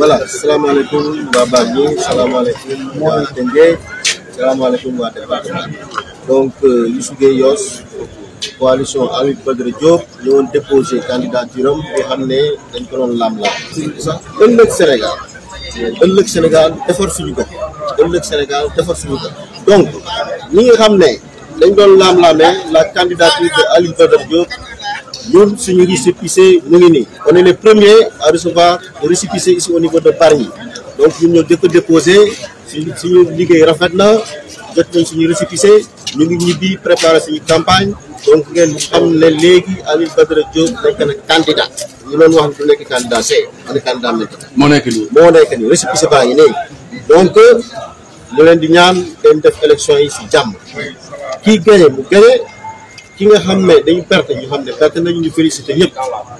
voilà salaamaaleykum waa Bargny salaamaaleykum waa Tëngéej salaamaaleykum waa département donc euh, Youssou Gueye Yoos coalition Amit Badara Diop ñëwoon déposé candidature am xam ne dañ ko doon lam-lam ëllëg Sénégal ëllëg Sénégal defar suñu gox ëllëg Sénégal defar suñu gox donc ñi nga xam ne dañ doon lam-lamee la candidature de Aliou Badara Diop ñun suñu récépissé mu ngi nii on est les premiers à recevoir le récépissé ici au de Paris donc ñun ñoo jëkk a déposé suñu suñu liggéey rafet na jot nañ suñu récépissé ñu ngi ñibbi préparé suñu campagne donc ngeen xam ne léegi Alioune Badara Diop nekk na candidat ñu doon wax ne du nekk candidat c'est on est candidat moo nekk nii moo nekk nii récépissé baa ngi nii donc ñu leen di ñaan def élection yi si jàmm kii gagné mu gagné. ki nga xam ne dañu perte ñu xam ne perte nañu ñu félicité ñëpp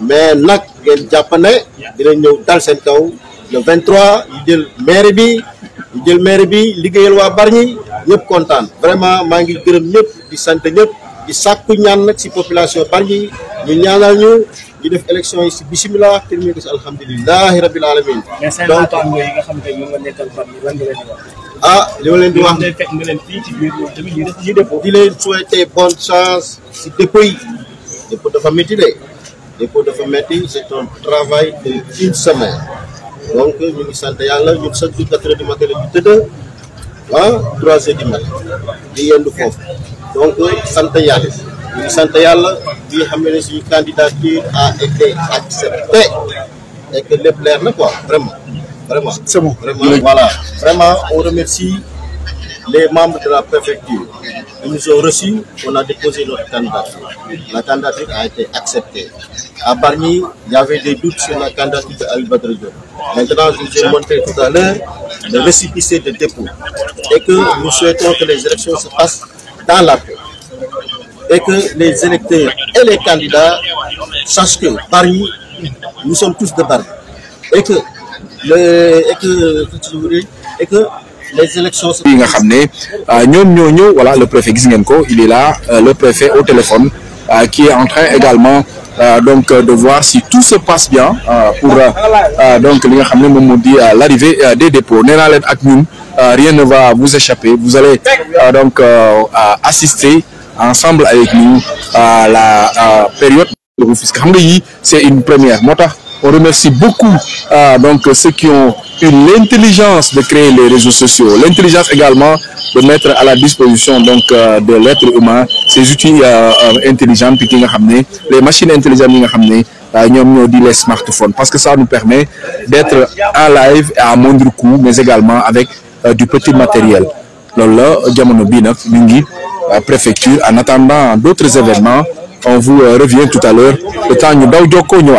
mais nag ngeen jàpp ne dina ñëw dal seen kaw le 23 ñu jël maire bi ñu jël maire bi liggéeyal waa Bargny ñëpp kontaan vraiment maa ngi gërëm ñëpp di sant ñëpp di sàkku ñaan nag si population Bargny ñu ñaanal ñu ñu def élection yi si bisimilah terminé ko si alhamdulilahi rabil alamin donc ah li ma leen di wax di leen souhaiter bonne chance si dépôt yi dépôt dafa métti de dépôt dafa métti c'est un travail de une semaine donc ñu ngi sant yàlla ñun chaque jour quatre heures du matin la ñu tëdd ah trois heures du foofu donc sant yàlla ñu ngi sant yàlla bi xam ne suñu candidature a été acceptée et que lépp leer na ko vraiment Vraiment. C'est bon. voilà. Vraiment, on remercie les membres de la préfecture. Ils nous ont reçus, on a déposé notre candidature. La candidature a été acceptée. À Barny, il y avait des doutes sur la candidature d'Albadre Maintenant, je vous ai montré tout à l'heure le récipice de dépôt. Et que nous souhaitons que les élections se passent dans la paix. Et que les électeurs et les candidats sachent que Paris, nous sommes tous de Paris. Et que et que les élections sont... Euh, voilà le préfet gis il est là euh, le préfet au téléphone euh, qui est en train également donc de voir si tout se passe bien pour donc l'arrivée des dépôts rien ne va vous échapper vous allez donc assister ensemble avec nous à la période de l'office. c'est une première on remercie beaucoup euh, donc, ceux qui ont eu l'intelligence de créer les réseaux sociaux, l'intelligence également de mettre à la disposition donc, euh, de l'être humain ces outils euh, intelligents, les machines intelligentes, les smartphones, parce que ça nous permet d'être en live et à moindre coût, mais également avec du petit matériel. là, la préfecture en attendant d'autres événements on vous revient tout à l'heure le temps